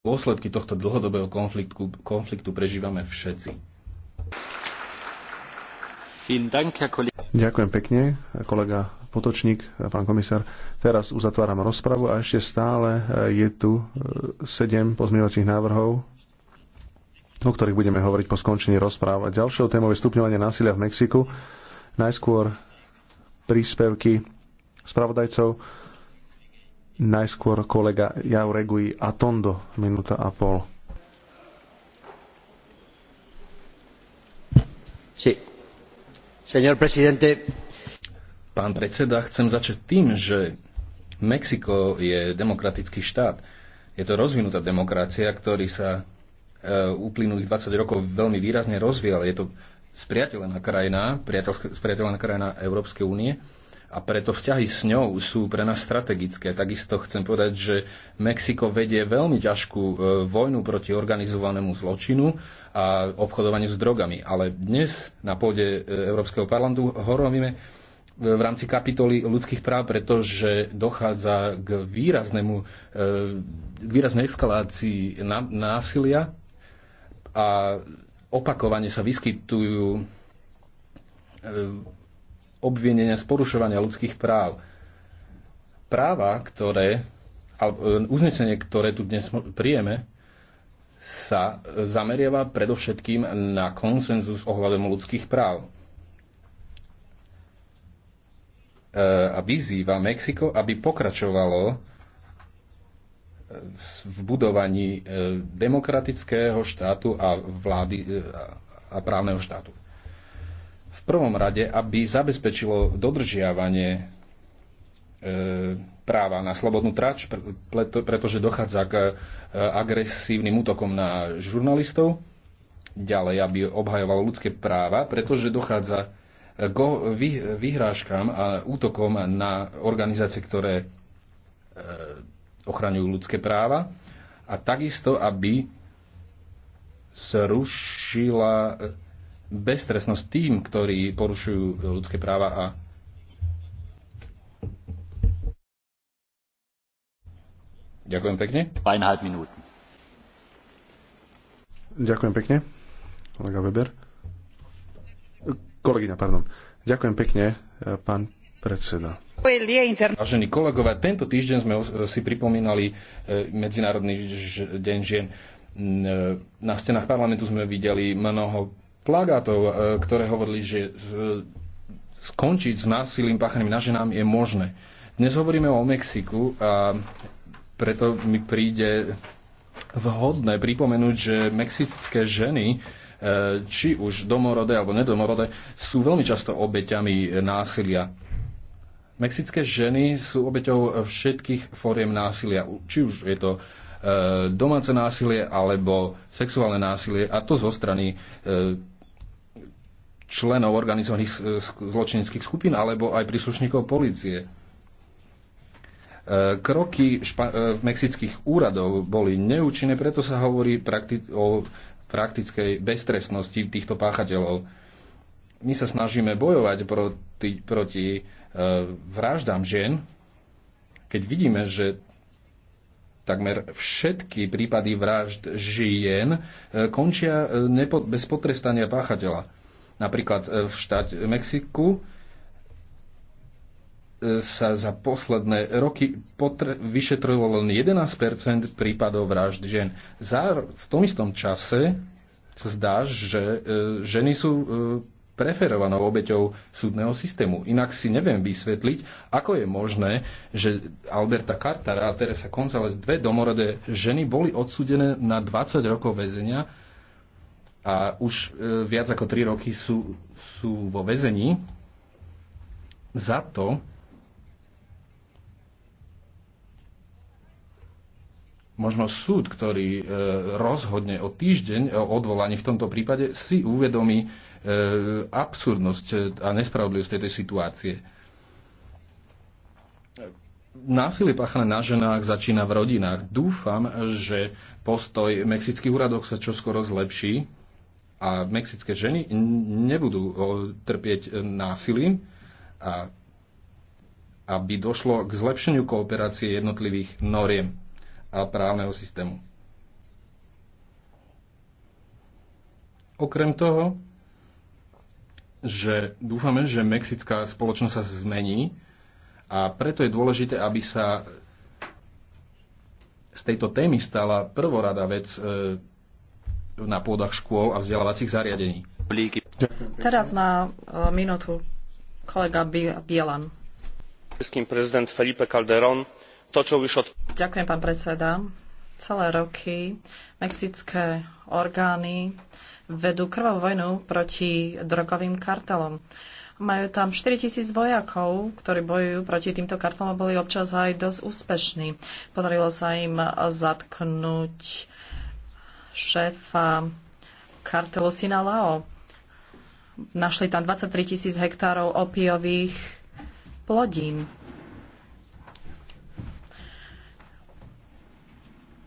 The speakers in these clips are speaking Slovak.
Dôsledky tohto dlhodobého konfliktu, konfliktu prežívame všetci. Ďakujem pekne, kolega Potočník, pán komisár. Teraz uzatváram rozpravu a ešte stále eh, je tu eh, sedem pozmeňovacích návrhov, o ktorých budeme hovoriť po skončení rozpráv. ďalšou témou je stupňovanie násilia v Mexiku. Najskôr príspevky spravodajcov Najskôr kolega Jauregui Atondo, minúta a pol. Sí. Señor presidente. Pán predseda, chcem začať tým, že Mexiko je demokratický štát. Je to rozvinutá demokracia, ktorý sa e, uplynulých 20 rokov veľmi výrazne rozvíjal. Je to spriateľená krajina, spriateľná krajina Európskej únie a preto vzťahy s ňou sú pre nás strategické. Takisto chcem povedať, že Mexiko vedie veľmi ťažkú e, vojnu proti organizovanému zločinu a obchodovaniu s drogami. Ale dnes na pôde e, Európskeho parlamentu horovíme e, v rámci kapitoly ľudských práv, pretože dochádza k, výraznému, k výraznej eskalácii násilia a opakovane sa vyskytujú obvinenia z porušovania ľudských práv. Práva, ktoré, alebo eh, uznesenie, ktoré tu dnes prijeme, sa zameriava predovšetkým na konsenzus ohľadom ľudských práv. Eh, a vyzýva Mexiko, aby pokračovalo eh, v budovaní demokratického štátu a vlády a právneho štátu v prvom rade, aby zabezpečilo dodržiavanie e, práva na slobodnú trač, pretože dochádza k e, agresívnym útokom na žurnalistov. Ďalej, aby obhajovalo ľudské práva, pretože dochádza k vyhrážkam a útokom na organizácie, ktoré e, ochraňujú ľudské práva. A takisto, aby zrušila beztresnosť tým, ktorí porušujú ľudské práva a Ďakujem pekne. minút. Ďakujem pekne. Kolega Weber. Kolegyňa, pardon. Ďakujem pekne, eh, pán predseda. Vážení kolegovia, tento týždeň sme eh, si pripomínali eh, Medzinárodný deň žien. Na stenách parlamentu sme videli mnoho plagátov, e, ktoré hovorili, že e, skončiť s násilím páchaným na ženám je možné. Dnes hovoríme o Mexiku a preto mi príde vhodné pripomenúť, že mexické ženy e, či už domorodé alebo nedomorodé, sú veľmi často obeťami násilia. Mexické ženy sú obeťou všetkých fóriem násilia, či už je to domáce násilie alebo sexuálne násilie a to zo strany členov organizovaných e, zločineckých skupín alebo aj príslušníkov policie. E, kroky e, mexických úradov boli neúčinné, preto sa hovorí prakti- o praktickej beztrestnosti týchto páchateľov. My sa snažíme bojovať proti, proti e, vraždám žien, keď vidíme, že takmer všetky prípady vražd žien končia bez potrestania páchateľa Napríklad e, v štáte Mexiku e, sa za posledné roky potre- vyšetrilo len 11 prípadov vražd žien. Zár- v tom istom čase sa zdá, že e, ženy sú e, preferovanou obeťou súdneho systému. Inak si neviem vysvetliť, ako je možné, že Alberta Cartara a Teresa González, dve domorodé ženy, boli odsúdené na 20 rokov väzenia a už e, viac ako 3 roky sú, sú vo vezení za to, možno súd, ktorý e, rozhodne o týždeň o odvolaní v tomto prípade, si uvedomí e, absurdnosť a nespravodlivosť tejto situácie. Násilie páchané na ženách začína v rodinách. Dúfam, že postoj mexických úradov sa čoskoro zlepší a mexické ženy nebudú trpieť e, násilím a aby došlo k zlepšeniu kooperácie jednotlivých noriem a právneho systému. Okrem toho, že dúfame, že mexická spoločnosť sa zmení a preto je dôležité, aby sa z tejto témy stala prvorada vec e, na pôdach škôl a vzdelávacích zariadení. Teraz má e, minútu kolega Bielan. prezident Felipe Calderón točil už od... Ďakujem, pán predseda. Celé roky mexické orgány vedú krvavú vojnu proti drogovým kartelom. Majú tam 4000 vojakov, ktorí bojujú proti týmto kartelom a boli občas aj dosť úspešní. Podarilo sa im zatknúť šéfa kartelu Sinalao. Našli tam 23 tisíc hektárov opiových plodín.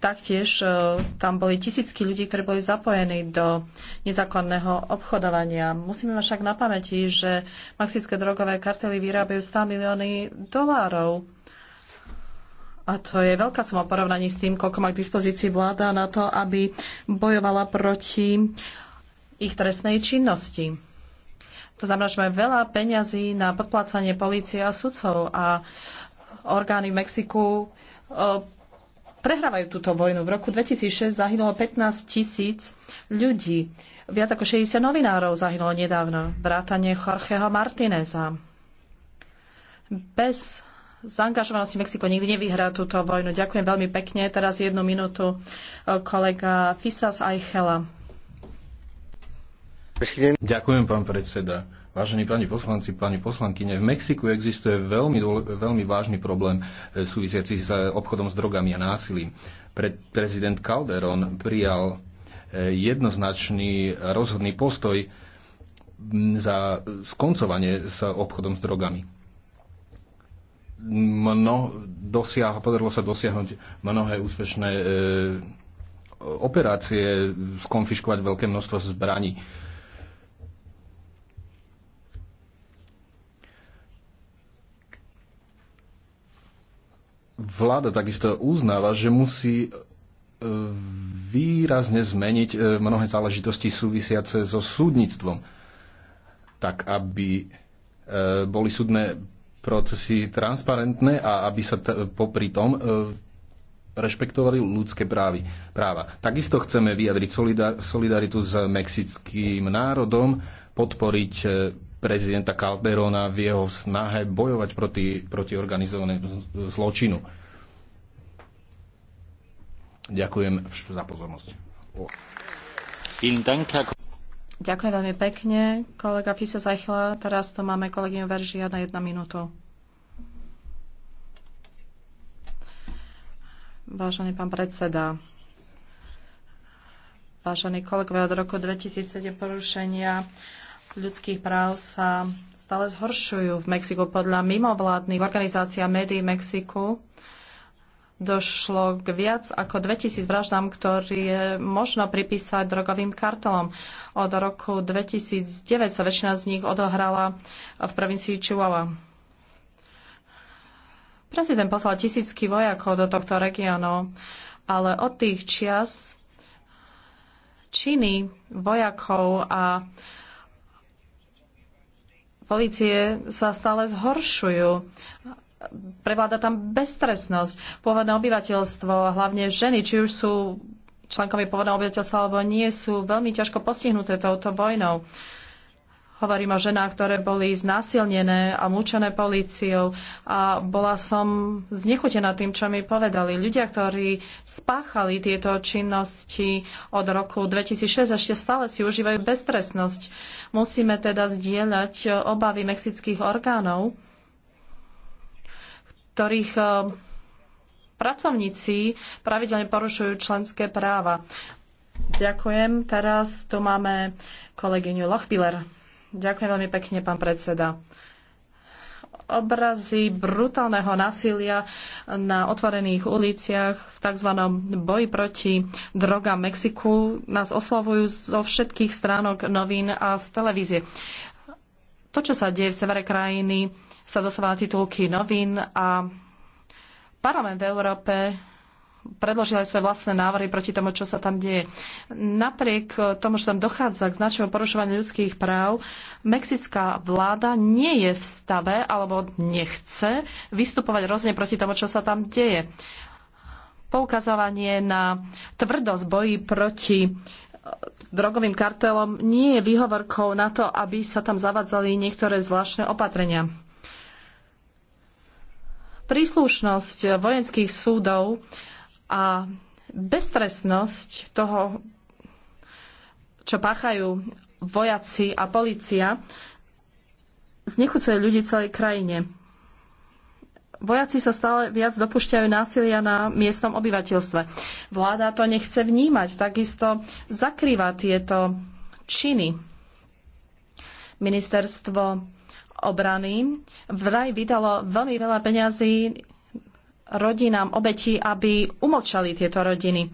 Taktiež e, tam boli tisícky ľudí, ktorí boli zapojení do nezákonného obchodovania. Musíme však na pamäti, že maxické drogové kartely vyrábajú 100 milióny dolárov a to je veľká suma v porovnaní s tým, koľko má k dispozícii vláda na to, aby bojovala proti ich trestnej činnosti. To znamená, že máme veľa peňazí na podplácanie polície a sudcov a orgány v Mexiku prehrávajú túto vojnu. V roku 2006 zahynulo 15 tisíc ľudí. Viac ako 60 novinárov zahynulo nedávno. Vrátanie Jorgeho Martineza. Bez zaangažovanosti Mexiko nikdy nevyhrá túto vojnu. Ďakujem veľmi pekne. Teraz jednu minútu e, kolega Fisas Aichela. Ďakujem, pán predseda. Vážení páni poslanci, páni poslankyne, v Mexiku existuje veľmi, veľmi vážny problém e, súvisiaci s e, obchodom s drogami a násilím. Pre prezident Calderon prijal jednoznačný rozhodný postoj za skoncovanie s obchodom s drogami mno, dosiah, podarilo sa dosiahnuť mnohé úspešné e, operácie, skonfiškovať veľké množstvo zbraní. Vláda takisto uznáva, že musí e, výrazne zmeniť e, mnohé záležitosti súvisiace so súdnictvom, tak aby e, boli súdne procesy transparentné a aby sa popri tom e, rešpektovali ľudské právy, práva. Takisto chceme vyjadriť solidar- solidaritu s mexickým národom, podporiť e, prezidenta Calderona v jeho snahe bojovať proti, proti organizovanému zločinu. Ďakujem za pozornosť. Ďakujem veľmi pekne, kolega Fisa Zajchla. Teraz to máme kolegyňu Veržia na jednu minútu. Vážený pán predseda, vážení kolegovia, od roku 2007 porušenia ľudských práv sa stále zhoršujú v Mexiku. Podľa mimovládnych organizácií a médií v Mexiku došlo k viac ako 2000 vraždám, ktoré je možno pripísať drogovým kartelom. Od roku 2009 sa väčšina z nich odohrala v provincii Chihuahua. Prezident poslal tisícky vojakov do tohto regiónu, ale od tých čias činy vojakov a policie sa stále zhoršujú prevláda tam bezstresnosť. Pôvodné obyvateľstvo, hlavne ženy, či už sú členkami pôvodného obyvateľstva alebo nie, sú veľmi ťažko postihnuté touto vojnou. Hovorím o ženách, ktoré boli znásilnené a mučené políciou a bola som znechutená tým, čo mi povedali. Ľudia, ktorí spáchali tieto činnosti od roku 2006, ešte stále si užívajú beztresnosť. Musíme teda zdieľať obavy mexických orgánov, ktorých eh, pracovníci pravidelne porušujú členské práva. Ďakujem. Teraz tu máme kolegyňu Lochbiller. Ďakujem veľmi pekne, pán predseda. Obrazy brutálneho násilia na otvorených uliciach v tzv. boji proti drogám Mexiku nás oslovujú zo všetkých stránok novín a z televízie. To, čo sa deje v severe krajiny, sa dostáva na titulky novín a parlament v Európe predložil aj svoje vlastné návrhy proti tomu, čo sa tam deje. Napriek tomu, že tam dochádza k značnému porušovaniu ľudských práv, mexická vláda nie je v stave alebo nechce vystupovať rozne proti tomu, čo sa tam deje. Poukazovanie na tvrdosť boji proti e, drogovým kartelom nie je výhovorkou na to, aby sa tam zavadzali niektoré zvláštne opatrenia príslušnosť vojenských súdov a beztresnosť toho, čo páchajú vojaci a policia, znechucuje ľudí celej krajine. Vojaci sa stále viac dopúšťajú násilia na miestnom obyvateľstve. Vláda to nechce vnímať, takisto zakrýva tieto činy. Ministerstvo obrany vraj vydalo veľmi veľa peňazí rodinám obetí, aby umlčali tieto rodiny.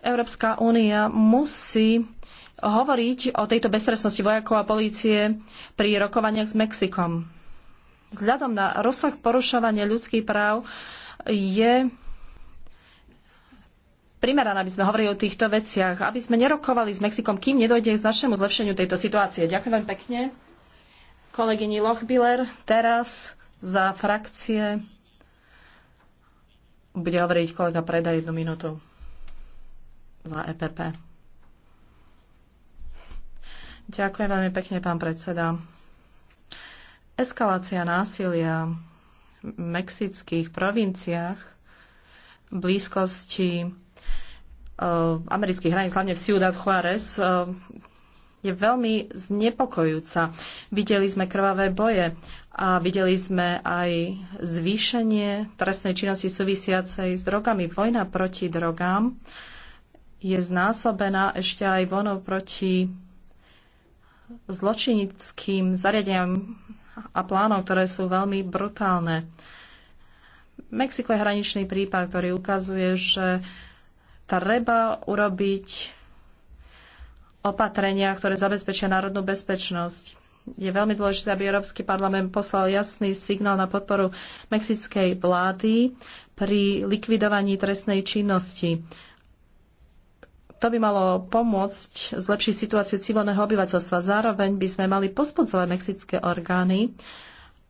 Európska únia musí hovoriť o tejto bezstresnosti vojakov a polície pri rokovaniach s Mexikom. Vzhľadom na rozsah porušovania ľudských práv je primeraná, aby sme hovorili o týchto veciach, aby sme nerokovali s Mexikom, kým nedojde k našemu zlepšeniu tejto situácie. Ďakujem veľmi pekne kolegyni Lochbiller. Teraz za frakcie bude hovoriť kolega Preda jednu minútu za EPP. Ďakujem veľmi pekne, pán predseda. Eskalácia násilia v mexických provinciách v blízkosti uh, amerických hraníc, hlavne v Ciudad Juárez, uh, je veľmi znepokojúca. Videli sme krvavé boje a videli sme aj zvýšenie trestnej činnosti súvisiacej s drogami. Vojna proti drogám je znásobená ešte aj vonou proti zločinickým zariadeniam a plánov, ktoré sú veľmi brutálne. Mexiko je hraničný prípad, ktorý ukazuje, že treba urobiť opatrenia, ktoré zabezpečia národnú bezpečnosť. Je veľmi dôležité, aby Európsky parlament poslal jasný signál na podporu mexickej vlády pri likvidovaní trestnej činnosti. To by malo pomôcť zlepšiť situáciu civilného obyvateľstva. Zároveň by sme mali pospodzovať mexické orgány,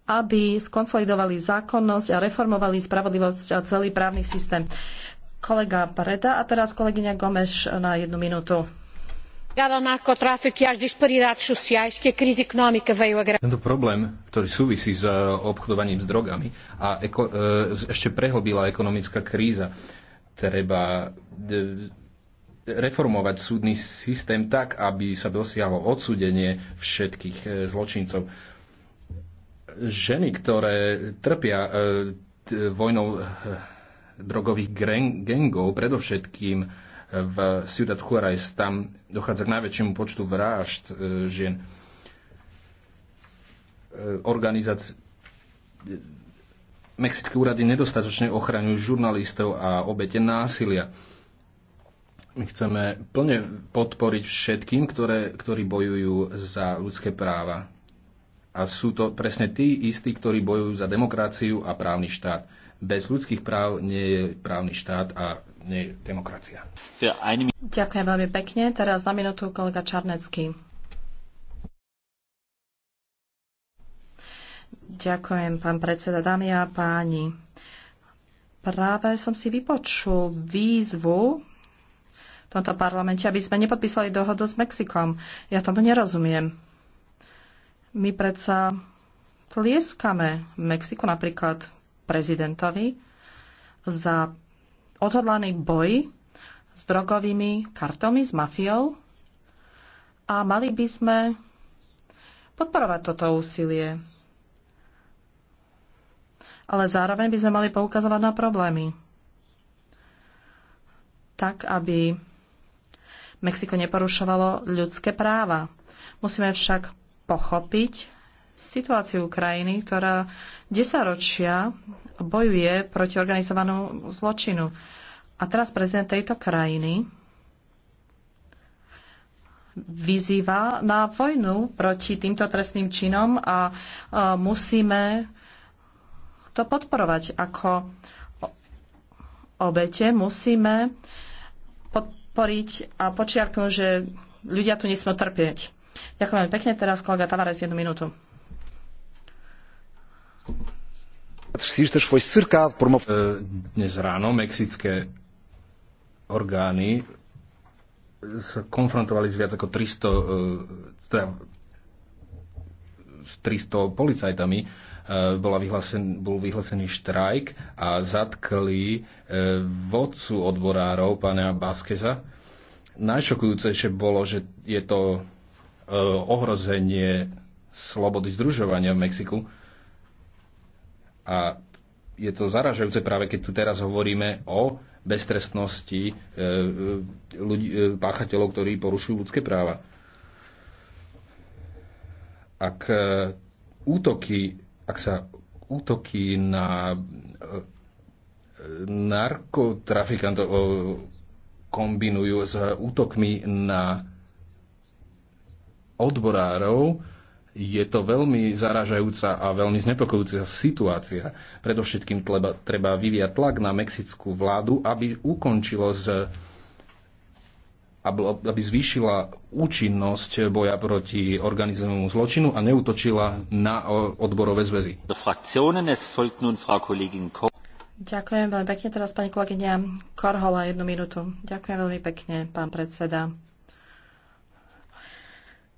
aby skonsolidovali zákonnosť a reformovali spravodlivosť a celý právny systém. Kolega Preda a teraz kolegyňa Gomeš na jednu minútu. Tento problém, ktorý súvisí s eh, obchodovaním s drogami a eko, eh, ešte prehlbila ekonomická kríza, treba eh, reformovať súdny systém tak, aby sa dosiahlo odsúdenie všetkých zločincov. Ženy, ktoré trpia vojnou drogových gengov, predovšetkým v Ciudad Juarez. Tam dochádza k najväčšiemu počtu vražd e, žien. E, Organizácie Mexické úrady nedostatočne ochraňujú žurnalistov a obete násilia. My chceme plne podporiť všetkým, ktoré, ktorí bojujú za ľudské práva. A sú to presne tí istí, ktorí bojujú za demokraciu a právny štát. Bez ľudských práv nie je právny štát a nie demokracia. Ďakujem veľmi pekne. Teraz na minútu kolega Čarnecký. Ďakujem, pán predseda, dámy a páni. Práve som si vypočul výzvu v tomto parlamente, aby sme nepodpísali dohodu s Mexikom. Ja tomu nerozumiem. My predsa tlieskame Mexiku napríklad prezidentovi za odhodlaný boj s drogovými kartami, s mafiou a mali by sme podporovať toto úsilie. Ale zároveň by sme mali poukazovať na problémy. Tak, aby Mexiko neporušovalo ľudské práva. Musíme však pochopiť, situáciu krajiny, ktorá desaťročia bojuje proti organizovanú zločinu. A teraz prezident tejto krajiny vyzýva na vojnu proti týmto trestným činom a musíme to podporovať ako obete. Musíme podporiť a počiarknúť, že ľudia tu nesmú trpieť. Ďakujem pekne. Teraz kolega Tavares jednu minútu. foi cercado por uma... Dnes ráno mexické orgány sa konfrontovali s viac ako 300, e, teda, s 300 policajtami. E, bola bol vyhlásený štrajk a zatkli e, vodcu odborárov, pána Baskeza. Najšokujúcejšie bolo, že je to ohrozenie slobody združovania v Mexiku a je to zaražajúce práve, keď tu teraz hovoríme o beztrestnosti e, e, ľudí, e, páchateľov, ktorí porušujú ľudské práva. Ak útoky, ak sa útoky na narkotrafikantov kombinujú s útokmi na odborárov, je to veľmi zaražajúca a veľmi znepokojúca situácia. Predovšetkým treba, treba vyviať tlak na mexickú vládu, aby ukončilo z, aby zvýšila účinnosť boja proti organizovanému zločinu a neutočila na odborové zväzy. Ďakujem veľmi pekne. Teraz pani kolegyňa Korhola, jednu minútu. Ďakujem veľmi pekne, pán predseda.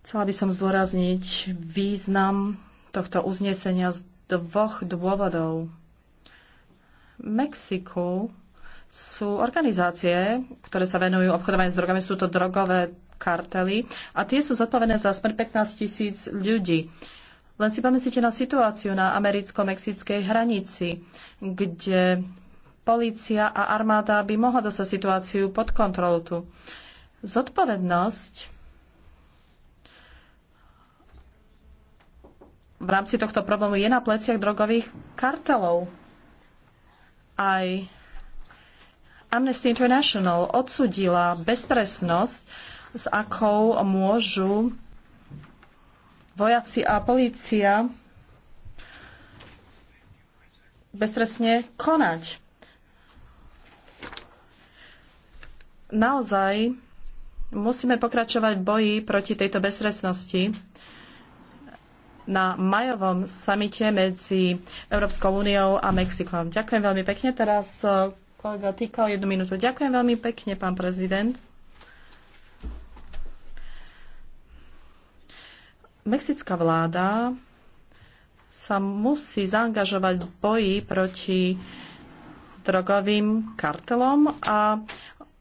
Chcela by som zdôrazniť význam tohto uznesenia z dvoch dôvodov. V Mexiku sú organizácie, ktoré sa venujú obchodovaniu s drogami, sú to drogové kartely a tie sú zodpovedné za smrť 15 tisíc ľudí. Len si pamätíte na situáciu na americko-mexickej hranici, kde polícia a armáda by mohla dostať situáciu pod kontrolu Zodpovednosť v rámci tohto problému je na pleciach drogových kartelov. Aj Amnesty International odsudila beztresnosť, s akou môžu vojaci a polícia beztresne konať. Naozaj musíme pokračovať v boji proti tejto beztresnosti na majovom samite medzi Európskou úniou a Mexikom. Ďakujem veľmi pekne. Teraz e, kolega Týkal, jednu minútu. Ďakujem veľmi pekne, pán prezident. Mexická vláda sa musí zaangažovať v boji proti drogovým kartelom a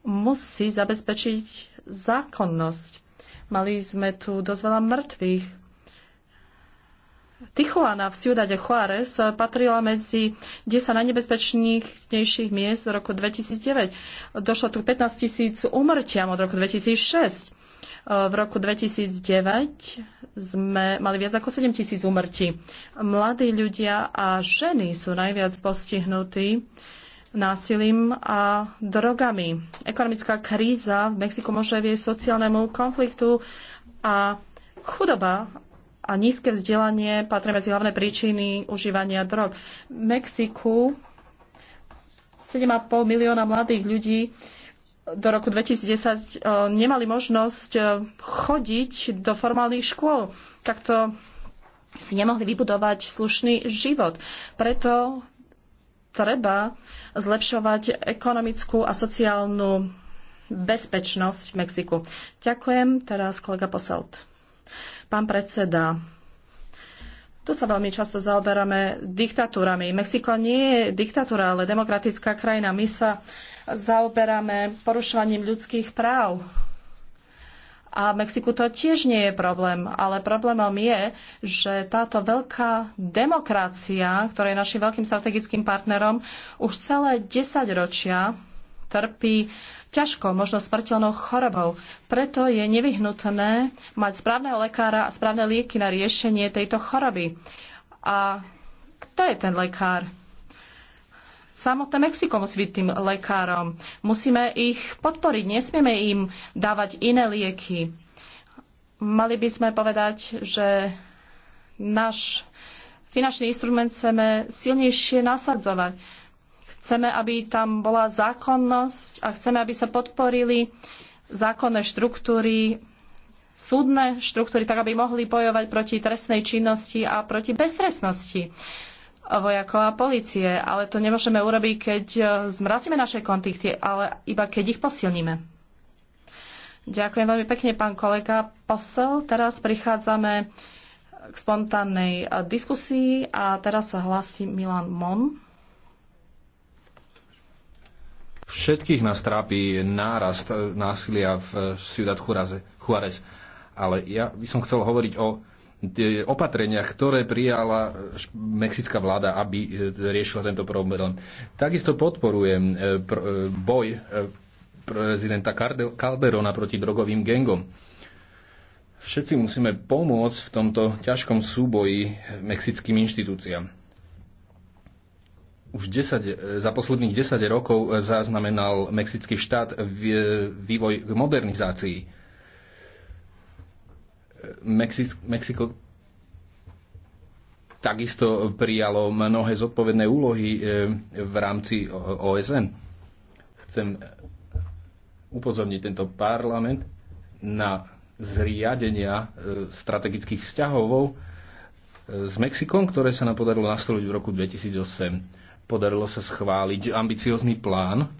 musí zabezpečiť zákonnosť. Mali sme tu dosť veľa mŕtvych Tichuana v Ciudad de Juárez patrila medzi 10 najnebezpečnejších miest v roku 2009. Došlo tu 15 tisíc úmrtiam od roku 2006. V roku 2009 sme mali viac ako 7 tisíc úmrtí. Mladí ľudia a ženy sú najviac postihnutí násilím a drogami. Ekonomická kríza v Mexiku môže viesť sociálnemu konfliktu a chudoba a nízke vzdelanie patrí medzi hlavné príčiny užívania drog. V Mexiku 7,5 milióna mladých ľudí do roku 2010 e, nemali možnosť e, chodiť do formálnych škôl. Takto si nemohli vybudovať slušný život. Preto treba zlepšovať ekonomickú a sociálnu bezpečnosť v Mexiku. Ďakujem. Teraz kolega Poselt. Pán predseda, tu sa veľmi často zaoberáme diktatúrami. Mexiko nie je diktatúra, ale demokratická krajina. My sa zaoberáme porušovaním ľudských práv. A v Mexiku to tiež nie je problém, ale problémom je, že táto veľká demokracia, ktorá je našim veľkým strategickým partnerom, už celé 10 ročia trpí ťažko, možno smrteľnou chorobou. Preto je nevyhnutné mať správneho lekára a správne lieky na riešenie tejto choroby. A kto je ten lekár? Samotné Mexiko musí byť tým lekárom. Musíme ich podporiť, nesmieme im dávať iné lieky. Mali by sme povedať, že náš finančný instrument chceme silnejšie nasadzovať Chceme, aby tam bola zákonnosť a chceme, aby sa podporili zákonné štruktúry, súdne štruktúry, tak aby mohli bojovať proti trestnej činnosti a proti beztrestnosti vojakov a policie. Ale to nemôžeme urobiť, keď e, zmrazíme naše kontakty, ale iba keď ich posilníme. Ďakujem veľmi pekne, pán kolega Posel. Teraz prichádzame k spontánnej e, diskusii a teraz sa hlási Milan Mon. Všetkých nás trápi nárast násilia v Ciudad Juarez. Ale ja by som chcel hovoriť o e, opatreniach, ktoré prijala mexická vláda, aby e, riešila tento problém. Takisto podporujem e, boj prezidenta Calderona proti drogovým gengom. Všetci musíme pomôcť v tomto ťažkom súboji mexickým inštitúciám už 10, e, za posledných 10 rokov e, zaznamenal Mexický štát e, vývoj k modernizácii. Mexis, Mexiko takisto prijalo mnohé zodpovedné úlohy v rámci OSN. Chcem upozorniť tento parlament na zriadenia strategických vzťahov s Mexikom, ktoré sa nám podarilo nastoliť v roku 2008 Podarilo sa schváliť ambiciózny plán,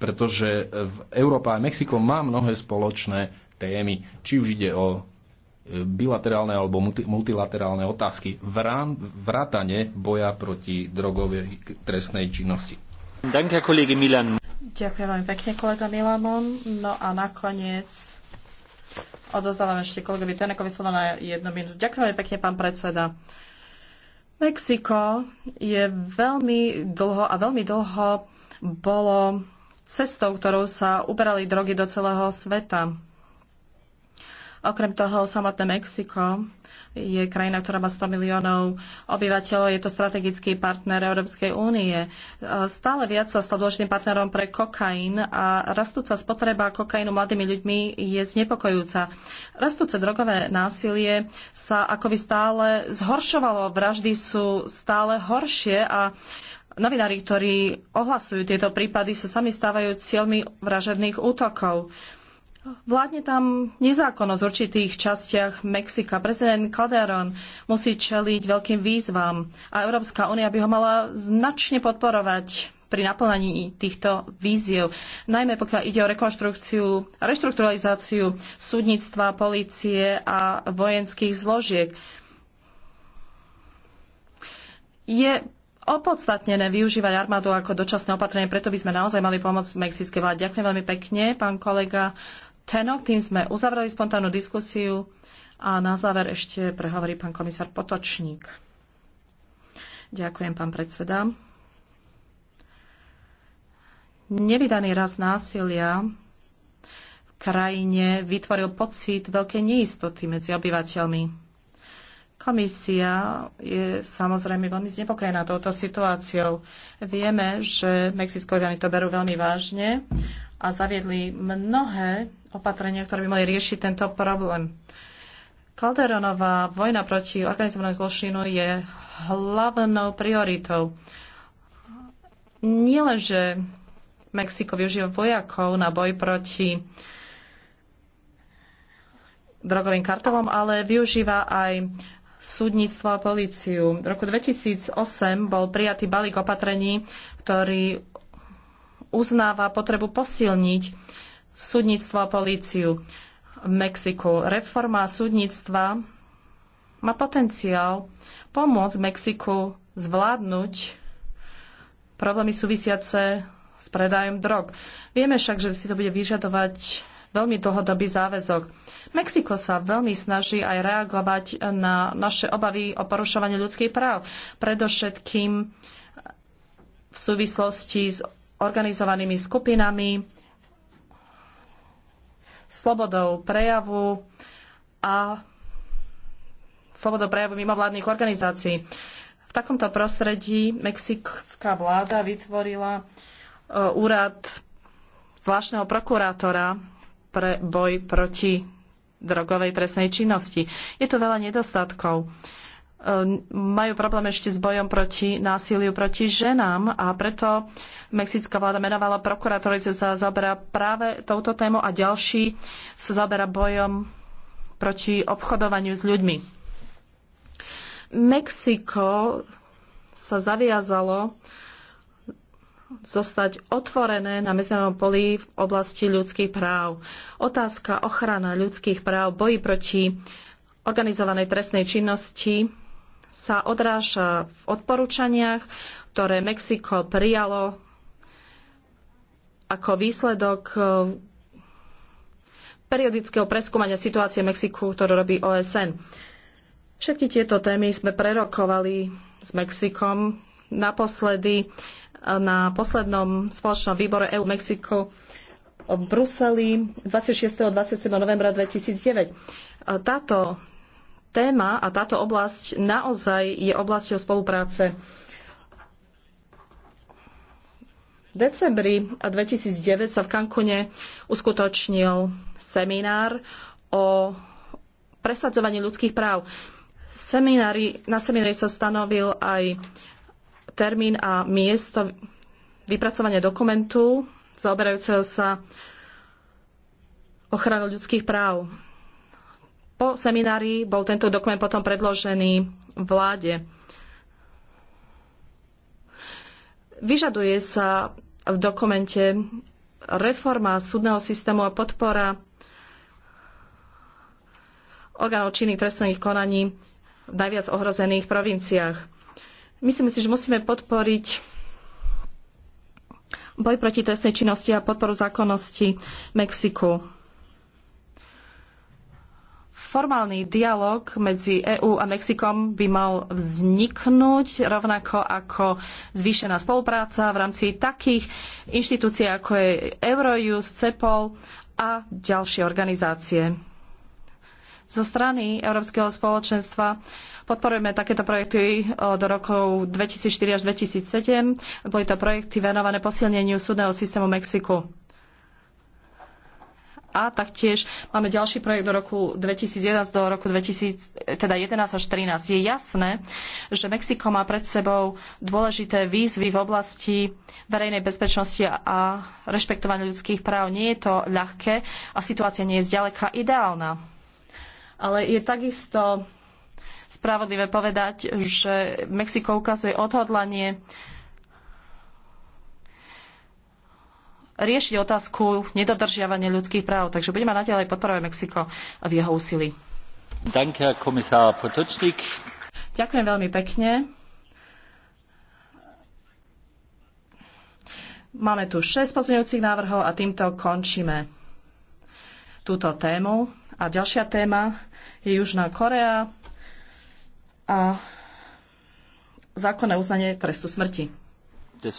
pretože v Európa a Mexiko má mnohé spoločné témy, či už ide o e, bilaterálne alebo multilaterálne otázky, vrátane boja proti drogovej trestnej činnosti. Milan. Ďakujem veľmi pekne, kolega Milanom. No a nakoniec odozdávam ešte kolegovi Tenekovi slovo na jednu minútu. Ďakujem veľmi pekne, pán predseda. Mexiko je veľmi dlho a veľmi dlho bolo cestou, ktorou sa uberali drogy do celého sveta. Okrem toho samotné Mexiko je krajina, ktorá má 100 miliónov obyvateľov, je to strategický partner Európskej únie. Stále viac sa stal dôležitým partnerom pre kokain a rastúca spotreba kokainu mladými ľuďmi je znepokojúca. Rastúce drogové násilie sa akoby stále zhoršovalo, vraždy sú stále horšie a novinári, ktorí ohlasujú tieto prípady, sa sami stávajú cieľmi vražedných útokov. Vládne tam nezákonnosť v určitých častiach Mexika. Prezident Calderón musí čeliť veľkým výzvam a Európska únia by ho mala značne podporovať pri naplnaní týchto víziev, najmä pokiaľ ide o rekonštrukciu, reštrukturalizáciu súdnictva, polície a vojenských zložiek. Je opodstatnené využívať armádu ako dočasné opatrenie, preto by sme naozaj mali pomôcť mexickej vláde. Ďakujem veľmi pekne, pán kolega Tenok. Tým sme uzavreli spontánnu diskusiu a na záver ešte prehovorí pán komisár Potočník. Ďakujem, pán predseda. Nevydaný raz násilia v krajine vytvoril pocit veľkej neistoty medzi obyvateľmi. Komisia je samozrejme veľmi znepokojená touto situáciou. Vieme, že mexické orgány to berú veľmi vážne a zaviedli mnohé opatrenia, ktoré by mali riešiť tento problém. Calderonová vojna proti organizovanému zločinu je hlavnou prioritou. Nie len, že Mexiko využíva vojakov na boj proti drogovým kartelom, ale využíva aj súdnictvo a políciu. V roku 2008 bol prijatý balík opatrení, ktorý uznáva potrebu posilniť súdnictvo a políciu v Mexiku. Reforma súdnictva má potenciál pomôcť Mexiku zvládnuť problémy súvisiace s predajom drog. Vieme však, že si to bude vyžadovať veľmi dlhodobý záväzok. Mexiko sa veľmi snaží aj reagovať na naše obavy o porušovanie ľudských práv, predovšetkým v súvislosti s organizovanými skupinami, slobodou prejavu a slobodou prejavu mimovládnych organizácií. V takomto prostredí mexická vláda vytvorila e, úrad zvláštneho prokurátora pre boj proti drogovej trestnej činnosti. Je tu veľa nedostatkov. Ehm, majú problém ešte s bojom proti násiliu proti ženám a preto mexická vláda menovala prokurátorice sa zaoberá práve touto tému a ďalší sa zaoberá bojom proti obchodovaniu s ľuďmi. Mexiko sa zaviazalo zostať otvorené na medzinárodnom poli v oblasti ľudských práv. Otázka ochrana ľudských práv, boji proti organizovanej trestnej činnosti sa odráža v odporúčaniach, ktoré Mexiko prijalo ako výsledok eh, periodického preskúmania situácie v Mexiku, ktorú robí OSN. Všetky tieto témy sme prerokovali s Mexikom naposledy eh, na poslednom spoločnom výbore EU Mexiko v Bruseli 26. a 27. novembra 2009. Eh, táto téma a táto oblasť naozaj je oblasťou spolupráce. V decembri 2009 sa v Kankune uskutočnil seminár o presadzovaní ľudských práv. Seminári, na seminári sa stanovil aj termín a miesto vypracovania dokumentu zaoberajúceho sa ochranou ľudských práv. Po seminári bol tento dokument potom predložený vláde. Vyžaduje sa v dokumente reforma súdneho systému a podpora orgánov činných trestných konaní v najviac ohrozených provinciách. Myslím si, že musíme podporiť boj proti trestnej činnosti a podporu zákonnosti Mexiku formálny dialog medzi EÚ a Mexikom by mal vzniknúť, rovnako ako zvýšená spolupráca v rámci takých inštitúcií, ako je Eurojust, CEPOL a ďalšie organizácie. Zo strany Európskeho spoločenstva podporujeme takéto projekty do rokov 2004 až 2007. Boli to projekty venované posilneniu súdneho systému Mexiku a taktiež máme ďalší projekt do roku 2011 do roku 2011 teda 11 až 13. Je jasné, že Mexiko má pred sebou dôležité výzvy v oblasti verejnej bezpečnosti a rešpektovania ľudských práv. Nie je to ľahké a situácia nie je zďaleka ideálna. Ale je takisto spravodlivé povedať, že Mexiko ukazuje odhodlanie riešiť otázku nedodržiavania ľudských práv. Takže budeme naďalej podporovať Mexiko v jeho úsilí. Ďakujem veľmi pekne. Máme tu 6 pozmeňujúcich návrhov a týmto končíme túto tému. A ďalšia téma je Južná Korea a zákonné uznanie trestu smrti.